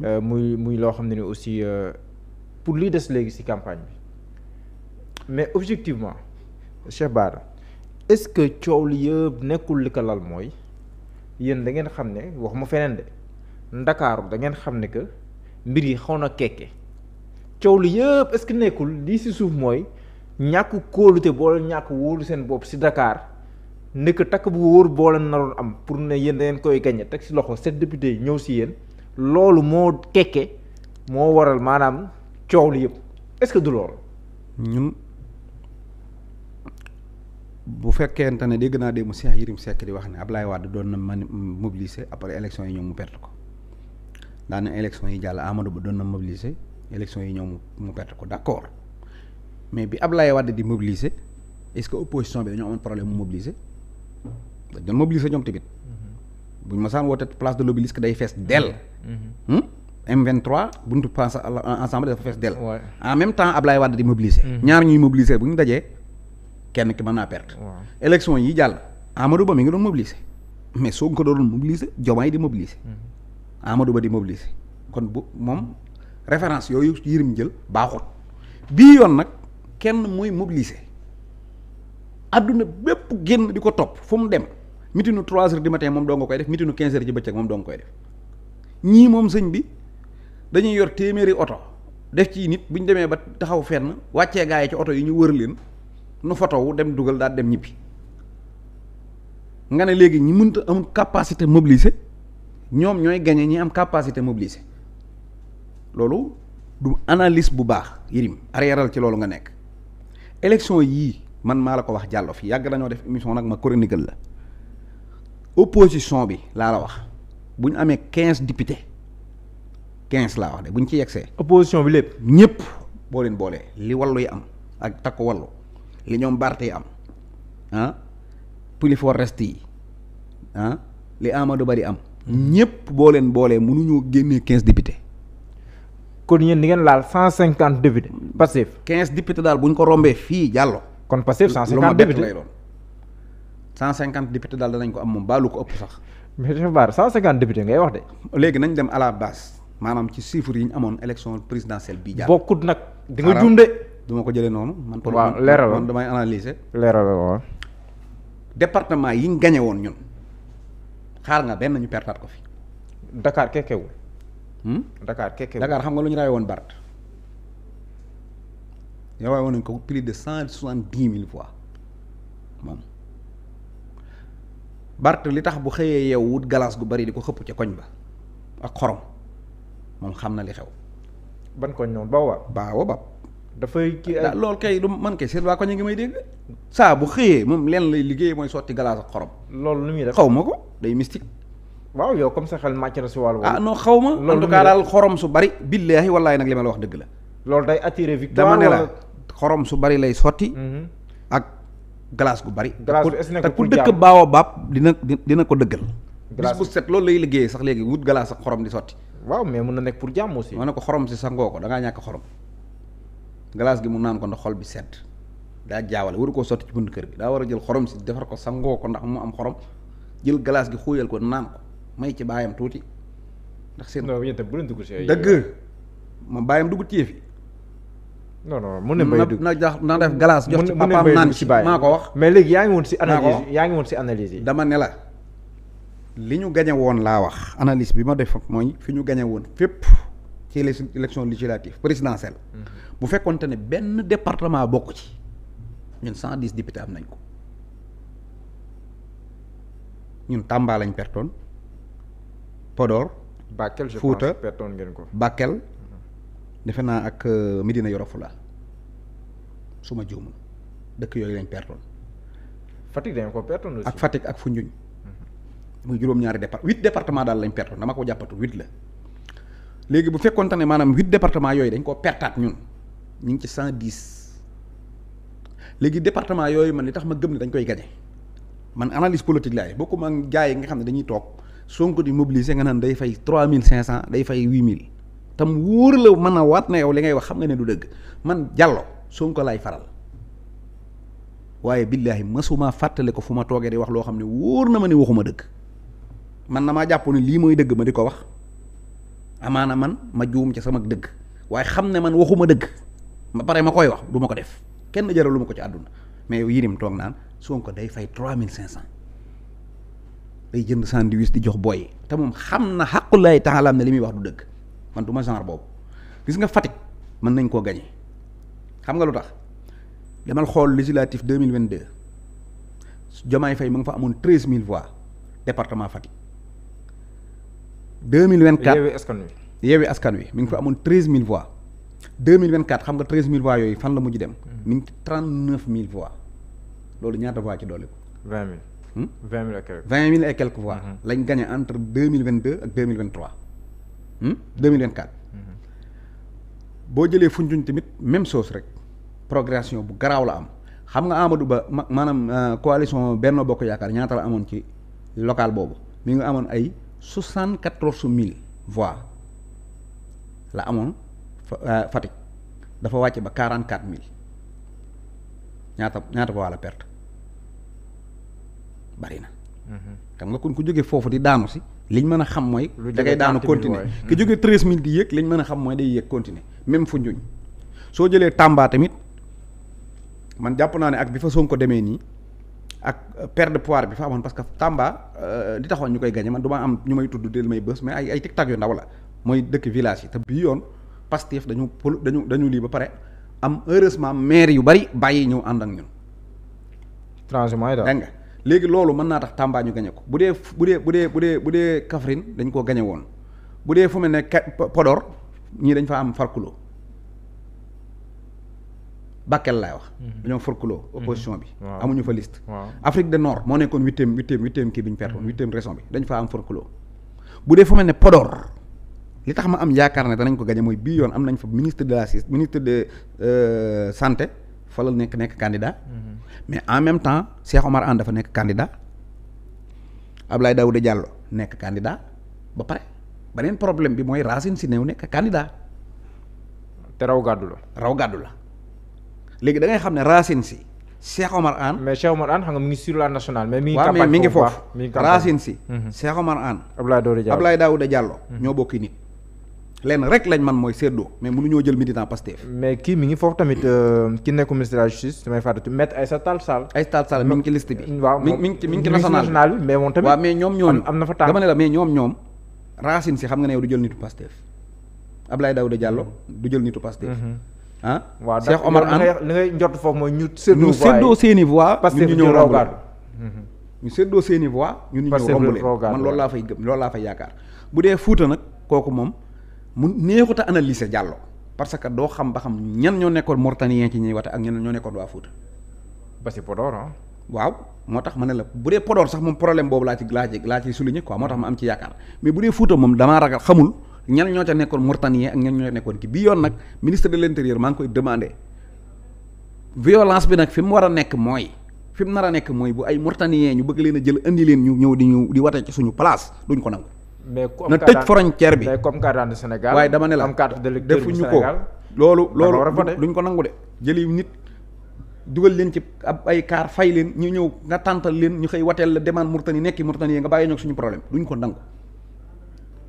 Euh, muy muy loo xam ne ni aussi euh, pour li des léegi ci campagne bi mais objectivement Cheikh Bara est-ce que coow li yëpp nekkul li ko lal mooy yéen da ngeen xam ne waxuma feneen de ndakaaru da ngeen xam ne que mbir yi xaw na kekke coow li yëpp est que nekkul lii si suuf mooy ñàkk kóolute boole ñàkk wóolu seen bopp si Dakar nekk takk bu wóor boole naroon am pour ne yéen da ngeen koy gañe teg si loxo set députés ñëw si yéen loolu moo kekke moo waral maanaam coow li yëpp est-ce que du loolu. ñun bu fekkente ne dégg naa démb Cheikh Yérim Seck di wax ne Ablaye Wade doon na man mobiliser après élection yi ñoom mu perte ko daanaka élection yi jàll Amadou Ba doon na mobiliser élection yi ñoom mu perte ko d'accord mais bi ab Ablaye Wade di mobiliser est-ce que opposition bi dañoo amoon problème mu mobiliser dañ doon mobiliser ñoom tamit mhm. buñ ma saan woote place de l'Obélisque day fees dell. Hmm? M23 buntu pense ensemble dafa fees dell. en même temps Ablaye Wade di mobiliser. Hmm. ñaar ñuy mobiliser bu ñu dajee kenn ki mën naa perte. élection yi jàll Amadou mi ngi doon mobiliser mais soo ko doon mobiliser Diomaye di mobiliser. Hmm. Amadou di mobiliser kon bu moom référence yooyu yërim jël baaxut bii yoon nag kenn mooy mobiliser. adduna bépp génn di ko topp fu mu dem mitinu 3 heures du matin moom doo nga koy def mitinu 15 heures ci bëccëg ñii moom sëñ bi dañuy yor téeméeri oto def ci nit bu demee ba taxaw fenn wàccee gaa yi ci oto yi ñu wër leen nu fotowu dem dugal daal dem ñibbi nga ne léegi ñi mënta am capacité mobiliser ñoom ñooy gañe ñi am capacité mobiliser loolu du analise bu baax yirim arriéral ci loolu nga nekk élection yii man maa la ko wax jàlloo fi yàgg nañoo def émission nag ma chronique la opposition bi laa la wax bu ñu amee quinze députés quinze laa wax de bu ñu ci yegsee. opposition bi lépp. ñëpp boo leen boolee li wallu yi am ak takk wallu li ñoom barte yi am ah pilifor reste yi ah li Amadou Ba di am. ñëpp boo leen boolee mënuñoo génnee quinze députés. kon yéen di ngeen laal cent cinquante députés Pastef. quinze députés daal bu ñu ko rombee fii jàllo kon Pastef cent cinquante députés lu ma bett lay cinquante députés daal danañ ko am moom baalu ko ëpp sax. mais Cheikh Bara 150 députés ngay wax de. léegi nañu dem à la base maanaam ci chiffres yi ñu amoon élection présidentielle bii jaar. bokkut nag di nga jum de. du ma ko jëlee noonu. man pour waaw leeral man damay analyser. leeral waaw. département yi ñu gañe woon ñun xaar nga benn ñu pertaat ko fi. Dakar kekkewul. Hmm? dakaar kekkewul Dakar xam nga lu ñu rawee woon Bart. rawee woon nañ ko pris de cent soixante dix mille fois Bart li tax bu xëyee yeew wut galaas gu bari di ko xëppu ca koñ ba ak xorom moom xam na li xew. ban koñ noonu Baobab. Baobab. dafay kii ay ah, loolu kay du man kay seet waa koñ ngi may dégg. saa bu xëyee moom leen lay liggéey mooy sotti galaas ak xorom. loolu lu muy def xaw ma ko day mystique. waaw yow comme sa xel màcc si wàllu. ah non xaw ma en tout cas xorom su bari. billaahi wallaahi nag li ma la wax dëgg la. loolu day attirer victoire dama ne la xorom su bari lay sotti. Mhm. ak. glace gu bari. glace bi est-ce que ku dëkk baaw a baab dina dina ko dëggal. bis bu set loolu lay liggéeyee sax léegi wut glace ak xorom di sotti. waaw mais mun na nekk pour jàmm aussi. ko xorom si sangoo ko da ngaa ñàkk xorom. glace gi mu naan ko ndax xol bi sedd daa jaawale waru koo sotti ci bunt kër gi daa war a jël xorom si defar ko sangoo ko ndax mu am xorom jël glace gi xuuyal ko naan ko may ci baayam tuuti. ndax seen. non bu ñu dëgg ma baayam dugg ci yëf yi non non ne mbay na jox na def glace jox ci papaam naan ci maa ko wax mais léegi yaa ngi woon si analyse yi dama ne la li ñu gañe woon laa wax analyse bi ma def mooy fi ñu gañe woon fépp ci élection législative présidentielle mhm. bu fekkonte ne benn département bokk ci ñun cent dix députés am nañ ko ñun Tamba lañ pertoon Podor Bakel je pense pertoon ngeen ko Bakel defe naa ak euh, Medina Yoro Fula su ma dëkk yooyu lañ pertoon. Fatick dañ ko perton ak Fatick ak Foundiougne. Mhm. muy juróom-ñaari départ huit département daal lañ pertoon dama ko jàppatu huit la. léegi bu fekkoonte ne maanaam huit département yooyu dañ koo pertaat ñun ñu ngi ci cent dix léegi departement yooyu man li tax ma gëm ne dañ koy gañe man analyse politique laay bokkuma ak gars yi nga xam ne dañuy toog Sonko di mobiliser nga naan day fay trois mille cinq cent day fay huit mille. tam wóor la man a waat na yow li ngay wax xam nga ne du dëgg man jàllo Sonko laay faral waaye billaahi masuma fàttali ko fu ma toogee di wax loo xam ne wóor na ma ne waxuma dëgg man na maa jàpp ne lii mooy dëgg ma di ko wax amaana man ma juum ci sama dëgg waaye xam ne man waxuma dëgg ma pare ma koy wax du ma ko def kenn jaralu ma ko ci àdduna mais yow yirim toog naan Sonko day fay trois mille cinq cent day jënd sandwich di jox booy te moom xam na xaqulaay taalaam ne li muy wax du dëgg man du ma genre boobu gis nga Fatick mën nañ koo gañe xam nga lu tax demal xool législatif deux mille vingt deux Diomaye Faye mu nga fa amoon treize mille voix département Fatick deux mille vingt quatre yeewi askan wi yeewi askan fa amoon treize mille voix deux mille vingt xam nga treize mille voix yooyu fan la mujj dem. Hmm. mi ngi ci neuf mille voix loolu ñaata voix ci dolli vingt mille. Hmm? vingt mille et quelques. vingt mille et quelques voix. Hmm. lañ gagné entre deux mille vingt deux ak deux mille vingt trois. 2024. Hmm? Hmm. boo jëlee Foundiougne tamit même chose rek progression bu garaaw la am xam nga amadu Ba ma maanaam euh, coalition benn Bokk Yaakaar ñaata la amoon ci local boobu mi ngi amoon ay soixante quatorze mille voix la amoon euh, Fatick dafa wàcc ba quarante quatre mille ñaata ñaata voix la perte bari hmm. xam nga kon ku jógee foofu di daanu si. liñ mën a xam mooy da ngay daanu continuer ki jógee treize mille di yëg liñ mën a xam mooy day yëg continuer même fu njuñ soo jëlee Tamba tamit man jàpp naa ne ak bi fa ko demee nii ak per de pouvoir bi fa amoon parce que Tamba euh, li taxoon ñu koy gañe man du ma am ñu may tudd del may bës mais ay ay tiktak yu ndaw la mooy dëkk village yi te bii yoon Pastef dañu pol dañu dañu lii ba pare am heureusement maire yu bari bàyyi ñëw ànd ak ñun. transhumance daal dégg nga. léegi loolu mën naa tax Tamba ñu gañe ko bu dee bu dee bu dee bu dee bu dee Kaffrine dañ koo gañe woon bu dee fu mel ne Podor ñii dañ fa am farkuloo Bakel laay wax. Mhm. dañoo farkuloo mhm. opposition bi. amuñu fa liste. Afrique de Nord moo nekkoon huitième huitième huitième kii bi ñu pertoon mhm. huitième région bi dañ fa am farkuloo bu dee fu mel ne podoor li tax ma am yaakaar ne danañ ko gañe mooy bii yoon am nañ fa ministre de la ministre de euh, santé. fa la nekk nekk candidat. Mhm. mais en même temps Cheikh Omar Anne dafa nekk candidat Abdoulaye Daouda Diallo nekk candidat ba pare beneen problème bi mooy Racine si néew nekk candidat. te raw gàddu la. raw gàddu la léegi da xam ne Racine Sy. Cheikh Omar Anne. mais Cheikh Omar Anne xam nga mu ngi sur ñoo bokki nit. lenn rek lañ man mooy séddoo mais mënuñoo jël militant Pastef mais kii mi ngi foofu tamit euh, ki nekk ministre de la justice damay fàttali maître Aïssata Tall Sall Aïssata Tall Sall mi ngi ci liste bi mm, waaw mi mi ngi ci mi ngi ci national bi mais moom tamit waaw mais ñoom ñoom am na fa tànk dama ne la mais ñoom ñoom Racine Sy xam nga ne yow du jël nitu Pastef Abdoulaye Daouda Diallo du jël nitu Pastef mm-hmm. ah waaw Cheikh Omar Anne li ngay njort foofu mooy mm-hmm. ñu séddoo seeni voix ñun ñu ñëw rombale ñu séddoo seeni voix ñun ñu ñëw rombale man loolu laa fay gëm loolu laa fay yaakaar bu dee Fuuta nag kooku moom mu neexut a analyser Diallo parce que doo xam ba xam ñan ñoo nekkoon Mauritaniens ci ñuy wate ak ñan ñoo nekkoon waa Fouta. ba si Podor ah. waaw moo tax ma ne la bu dee Podor sax moom problème boobu laa ci laa ci laa ci am ci yaakaar mais bu dee Fouta moom damaa ragal xamul ñoo ca nekkoon Mauritaniens ak ñan ñoo ki bi yoon nag ministre de l'intérieur maa ngi koy bi nag fi mu war a nekk mooy. fi mu nar a nekk mooy bu ay Mauritaniens ñu bëgg leen a jël indi leen ñu ñëw di ñu di wate ci suñu place duñ ko nangu. mais na tëj frontière bi comme carte de Sénégal waaye dama ne la defuñu ko loolu loolu duñ ko nangu de jëli nit dugal leen ci ab ay kaar fay leen ñu ñëw nga tàntal leen ñu xëy wateel la demande Mauritanie nekki Mauritanie nga bàyyi ñoog suñu problème duñ ko nangu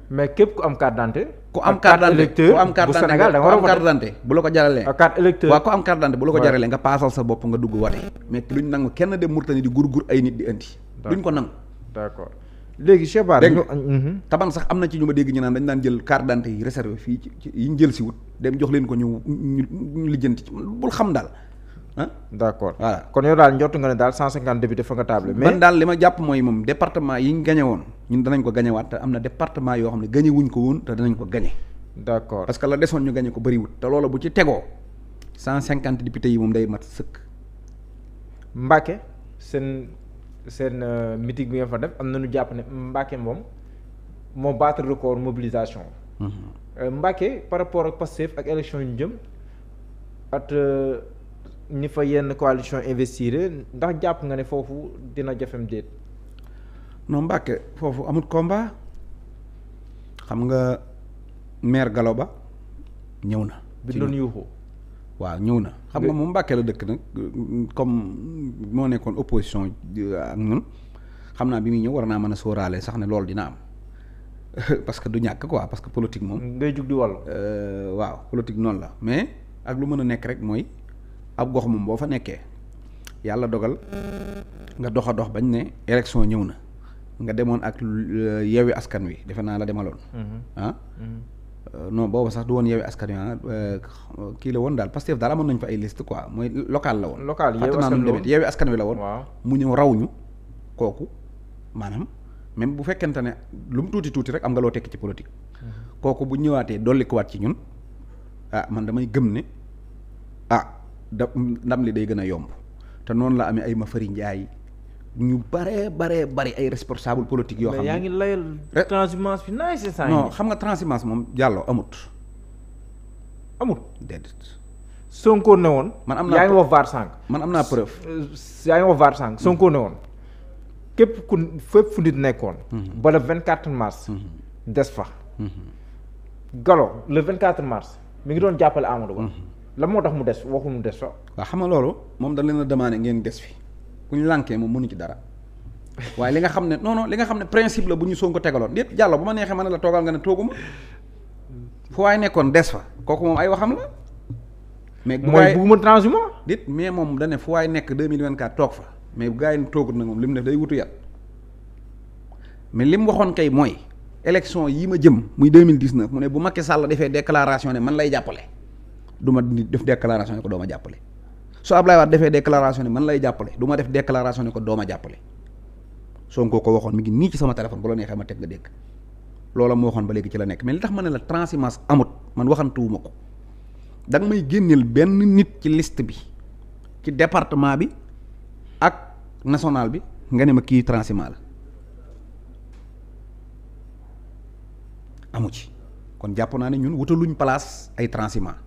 mais képp ku am carte d'identité ku am carte d'identité bu la ko jaralee carte électeur waaw ku am carte d'identité bu la ko jaralee nga paasal sa bopp nga dugg wate mais luñ nangu kenn dem Mauritanie di gur gur ay nit di indi duñ ko nangu léegi Cheikh Bara dégg nga mhm. taban sax am na ci ñu ma dégg ñu naan dañ daan jël carte d'identité yi réservé fii ci yi ñu jël si wut dem jox leen ko ñu ñu lijjanti ci bul xam daal ah d' accord voilà kon yow daal njortu nga ne daal 150 député fa nga table mais man daal li ma jàpp mooy moom département yi ñu gañe woon ñun danañ ko gañewaat te am na département yoo xam ne gañe wuñ ko woon te danañ ko gañe d' accord parce que la desoon ñu gañe ko bëriwut te loola bu ci tegoo 150 député yi moom day mat sëkk Mbacke seen seen euh, meeting bi nga fa def am na ñu jàpp ne Mbacké moom moo battre record mobilisation. Mm-hmm. Euh, Mbacké par rapport ak Pastef ak élection yu jëm at euh, ni fa yenn coalition investir ndax jàpp nga ne foofu dina jafem déet. non Mbacké foofu amut combat xam nga maire ba ñëw na. bi doon yuuxu waaw ñëw na xam nga moom Mbàkke la dëkk nag comme moo nekkoon opposition euh, ak ñun xam naa bi muy ñëw war naa mën a sóoraale sax ne loolu dina am parce que du ñàkk quoi parce que politique moom. day jug di wàll. Euh, waaw politique noonu la mais ak lu mën a nekk rek mooy ab gox moom boo fa nekkee yàlla dogal nga doxa dox bañ ne élection ñëw na nga demoon ak euh, yeewi askan wi defe naa la demaloon. Mm-hmm. Ah? Mm-hmm. Euh, no booba sax du woon Yewwi Askan Wi ah, euh, kii la woon daal Pastef daal amoon nañ fa ay liste quoi mooy local la woon. local Yewwi Askan Wi la woon Yewwi la woon. mu ñëw raw ñu kooku maanaam même bu fekkente ne lu mu tuuti tuuti rek am nga loo tekk ci politique. Mhm. kooku bu ñëwaatee dollikuwaat ci ñun ah man damay gëm ne ah da ndam li day gën a yomb te noonu la amee ay Mafari Ndiaye. ñu baree baree bari ay responsable politique yoo xam ne yaa ngi layal eh. transhumance bi naay c'est ça non xam nga transhumance moom jàlloo amut amut déedéet ne woon man am naa yaa ngi wax sànq man am naa preuve yaa ngi sànq Sonko ne woon képp ku fépp fu nit nekkoon mhm. ba le vingt quatre mars mhm. des fa mhm. Gallo le vingt quatre mars mu ngi doon jàppale Amadou Ba la moo tax mu des waxul mu des fa waaw xam nga loolu moom dañ na a ngeen des fi bu ñu lànkee moom mënu ci dara waaye li nga xam ne non non li nga xam ne principe la bu ñu Sonko tegaloon déet jàllo bu ma neexee ma ne la toogal nga ne tooguma fu waaye nekkoon des fa kooku moom ay waxam la. mais mooy buuma transhumant dit mais moom da fu waay nekk deux mille vingt quatre toog fa mais bu gars yi toogut na moom li mu def day wutu yat mais li mu waxoon kay mooy élection yi ma jëm muy deux mille dix neuf mu ne bu Macky Sall defee déclaration ne man lay jàppale du ma def déclaration ne ko doo ma jàppale. su Ablaye Wade defee déclaration ni man lay jàppale duma def déclaration ni ko dooma jàppale Sonko ko waxoon mi ngi nii ci sama téléphone bu la neexee ma teg nga dégg loola moo waxoon ba léegi ci la nekk mais li tax ma ne la transhumance amut man waxantuwuma ko nga may génneel benn nit ci liste bi ci département bi ak national bi nga ne ma kii amu ci kon jàpp naa ne ñun wutaluñ place ay transhumant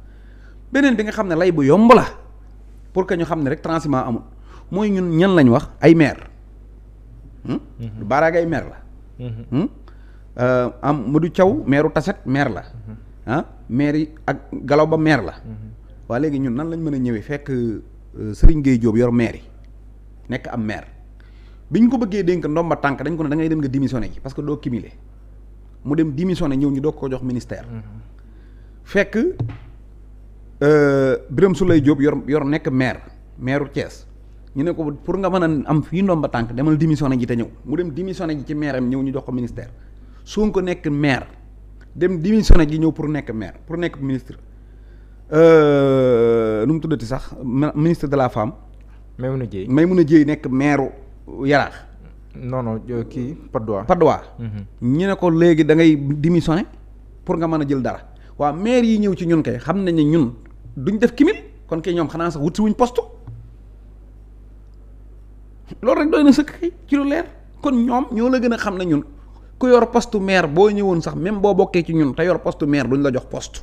beneen bi nga xam ne lay bu yomb la pour que ñu xam ne rek transiment amul mooy ñun ñan lañ wax ay maire hmm? mhm. baaraag ay maire la mhm. hmm? euh, am mu du Thiaw maireu taset maire la mhm. ah maire yi ak Galaw Ba maire la waa léegi ñun nan lañ mën a ñëwee fekk euh, Serigne Gueye Diop yor maire yi nekk am maire bi ñu ko bëggee dénk ndomba tànk dañ ko ne da dem nga démissionné ji parce que doo cumuler mu dem démissionné ñëw ñu doog ko jox ministère fekk Euh, Birame Souleye Diop yor yor nekk maire maireu Thiès ñu ne ko pour nga mën a am fii ba tànk demal démissionné ji te ñëw mu dem démissionné ji ci maire am ñëw ñu jox ko su ministère ko nekk maire dem démissionné ji ñëw pour nekk maire pour nekk ministre euh, nu mu tuddati sax ministre de la femme. Maimouna Dièye Maimouna Dièye nekk maireu Yaraax. non non euh, kii Padois. Padois. Mhm. ñu ne ko léegi da ngay démissionné pour nga mën a jël dara waaw maire yi ñëw ci ñun kay xam nañ ne ñun. duñ def kimil kon kay ñoom xanaa sax wut si wuñ poste loolu rek doy na sëkk kay ci lu leer kon ñoom ñoo la gën a xam ne ñun ku yor poste maire boo ñëwoon sax même boo bokkee ci ñun te yor poste maire duñ la jox poste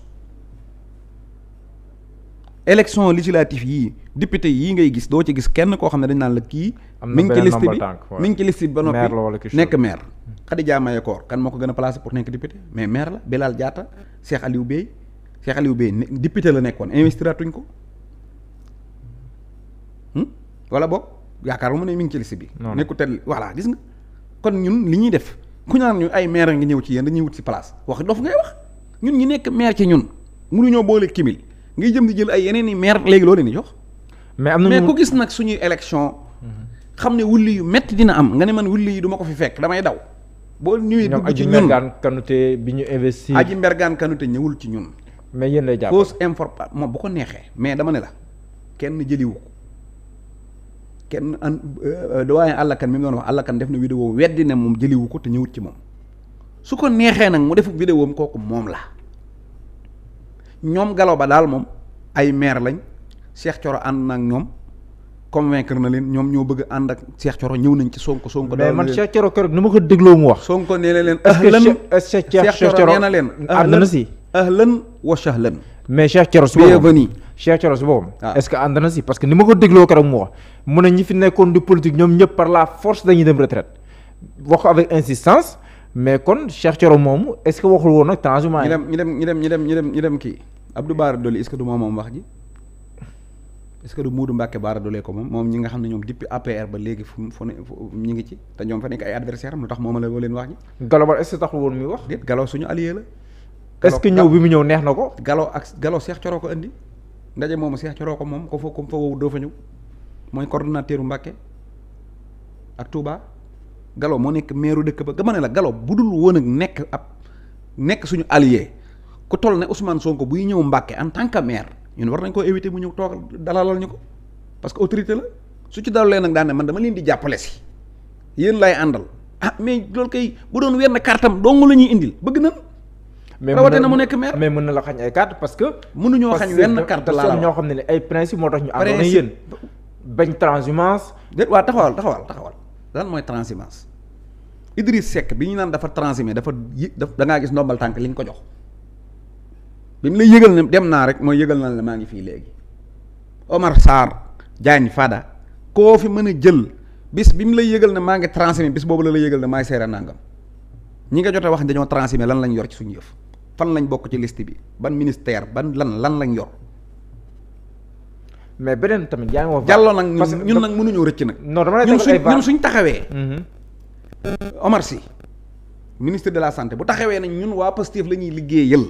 élection législative yii député yii ngay gis doo ci gis kenn koo xam ne dañ naan la kii. mi ngi ci liste bi mi ngi ci liste bi ba noppi nekk maire. Khadija Mahécor kan moo ko gën a placé pour nekk député mais maire la Bilal Diatta Cheikh Aliou Bey. Cheikh Aliou Bey député la nekkoon investiraatuñ ko hmm? wala boog yaakaaruma ne mi ngi ci liste bi. nekku tel voilà gis nga kon ñun li ñuy def ku ñaan ñu ay a ngi ñëw ci yéen dañuy wut si place wax dof ngay wax ñun ñi nekk maire ci ñun mënuñoo boole kimil ngay jëm di jël ay yeneen i maire léegi loo leen di jox. mais am na mais ku gis nag suñuy élection mhm. xam ne wulli yu metti dina am nga ne man wulli yi du ma ko fi fekk damay daw. boo ñëwee dugg ci ñun ñoom Aji bi ñu investir. Aji Mbergane Kanouté ñëwul ci ñun. mais yéen lay jàppale fausse information ah, moom bu ko neexee mais dama ne la kenn jëliwu ko kenn an euh, euh, doyen àllakan mi mu doon wax àllakan def na vidéo weddi ne moom jëliwu ko te ñëwut ci moom su ko neexee nag mu def vidéo am kooku moom la ñoom galo ba daal moom ay maire lañ Cheikh Thioro ànd na ak ñoom convaincre na leen ñoom ñoo bëgg ànd ak Cheikh Thioro ñëw nañ ci Sonko Sonko mais man Cheikh nu ma ko dégloo mu wax Sonko nee na leen ahlan Cheikh Thioro nee na leen ahlan ahlan wa sahlan mais Cheikh Thioro su bienvenue Cheikh Thioro boppam ah. est ce que ànd si parce que ni ma ko dégloo keroog mu wax mu ne ñi fi nekkoon di politique ñoom ñëpp par la force dañuy dem retrait wax ko avec insistance mais kon Cheikh Thioro moomu est ce que waxul woon nag transhumance ñu dem ñu dem ñu dem ñu dem ñu dem kii Abdou Bara Dolly est ce que du moom moom wax ji est ce du Moudou Mbacke Bara Dolly moom moom ñi nga xam ne ñoom depuis APR ba léegi fu fu ngi ci te ñoom fa nekk ay moom la leen wax ji Gallo suñu allié la est-ce que ñëw bi mu ñëw neex na ko. galaw ak Gallo Cheikh Coro ko indi ndaje moomu Cheikh Coro ko moom ko fa ko fa wow doo fa ñëw mooy coordonnateur Mbacké ak Touba Gallo moo nekk maire dëkk ba gama ne la Gallo bu dul woon ak nekk ab nekk suñu allié ku toll ne Ousmane Sonko buy ñëw Mbacké en tant que maire ñun war nañ koo éviter mu ñëw toogal dalalal ñu ko parce que autorité la su ci dalalee nag daan ne man dama leen di jàppale si yéen lay àndal ah mais loolu kay bu doon wenn kartam dong la ñuy indil bëgg nan rawatina mu nekk maire mais mën na la xañ ay carte parce que mënuñoo xañ wenn carte laa la ñoo xam ne ne ay principe moo tax ñu àndoon ak waa taxawal taxawal taxawal lan mooy transhumance Idriss Seck bi ñu naan dafa transhumé dafa yi da ngaa gis ndombal tànk li ñu ko jox bi mu lay yëgal ne dem naa rek mooy yëgal na la maa ngi fii léegi Omar Sarr Diagne faada koo fi mën a jël bis bi mu lay yëgal na maa ngi transhumé bis boobu la la yëgal ne maa ngi seere nangam ñi nga jot wax ne dañoo transhumé lan lañ yor ci suñu yëf fan lañ bokk ci liste bi ban ministère ban lan lan lañ yor. mais beneen tamit yaa ngi wax. jàlloo nag ñun nag mënuñoo rëcc nag. non dama lay ñun suñ ñun suñ taxawee. Mm-hmm. Omar Sy ministre de la santé bu taxawee nañ ñun waa Pastef la ñuy liggéeyal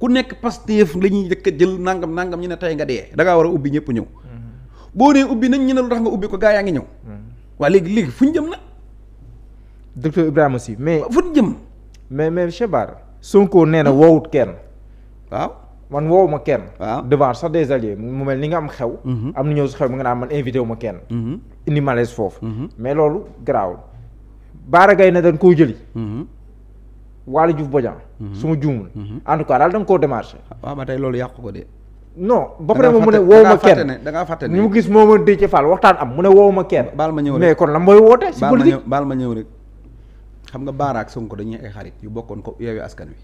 ku nekk Pastef la ñuy njëkk jël nangam nangam ñu ne tey nga dee da ngaa war a ubbi ñëpp ñëw. Mm-hmm. boo nee ubbi nañ ñu ne lu tax nga ubbi ko gaa yaa ngi ñëw. Mm-hmm. waa léegi léegi fu ñu jëm na. docteur Ibrahima Sy mais fu ñu jëm. mais mais Cheikh su Sonko nee na woowut kenn waaw man woowu ma kenn waaw devant sax des alliés mu mel ni nga am xew mhm. am na ñëw si xew mi nga naa man invité wu ma kenn mhm. indi malaise foofu mhm. mais loolu garaawul Bara Gaye ne dañ koo jëli Waly Diouf Bodian su ma juumul en tout daal da koo démarché waaw ba tey loolu yàqu ko de non ba pare moom mu ne woowu kenn da ngaa fàtte ne ñu mu gis mooma Déthié waxtaan am mu ne woowu ma kenn baal ma ñëw rek kon la mooy woote si politique baal ma ñëw rek xam nga Baara ak Sonko dañuy ay xarit yu bokkoon ko yeewee askan wi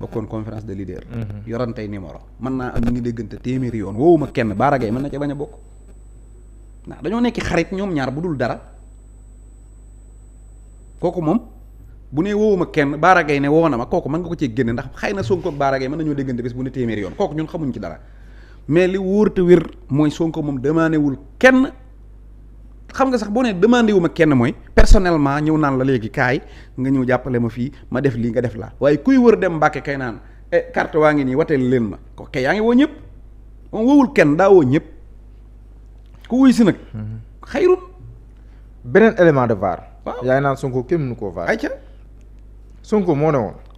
bokkoon conférence de leader. Mhm. tey numéro mën naa am ñu ngi déggante téeméeri yoon woowuma kenn Baara Gaye na ca bañ a bokk ndax dañoo nekk xarit ñoom ñaar bu dul dara kooku moom bu ne woowuma kenn Baara Gaye ne woo na kooku mën nga ko cee génne ndax xëy na Sonko ak Baara Gaye mën nañoo déggante bés bu ne téeméeri yoon kooku ñun xamuñ ci dara mais li wóor te wér mooy Sonko moom demandé wul kenn xam nga sax boo nee demandé wu ma kenn mooy personnellement ñëw naan la léegi kaay nga ñëw jàppale ma fii ma def lii nga def laa waaye kuy war a dem Mbàkke kay naan eh, carte waa ngi nii wateel leen ma ko kay yaa ngi woo ñëpp moom kenn daa woo ñëpp ku wuy si nag. xayrun. beneen élément de var. waaw yaa ngi naan Sonko kenn mënu koo var. ayca Sonko moo ne woon.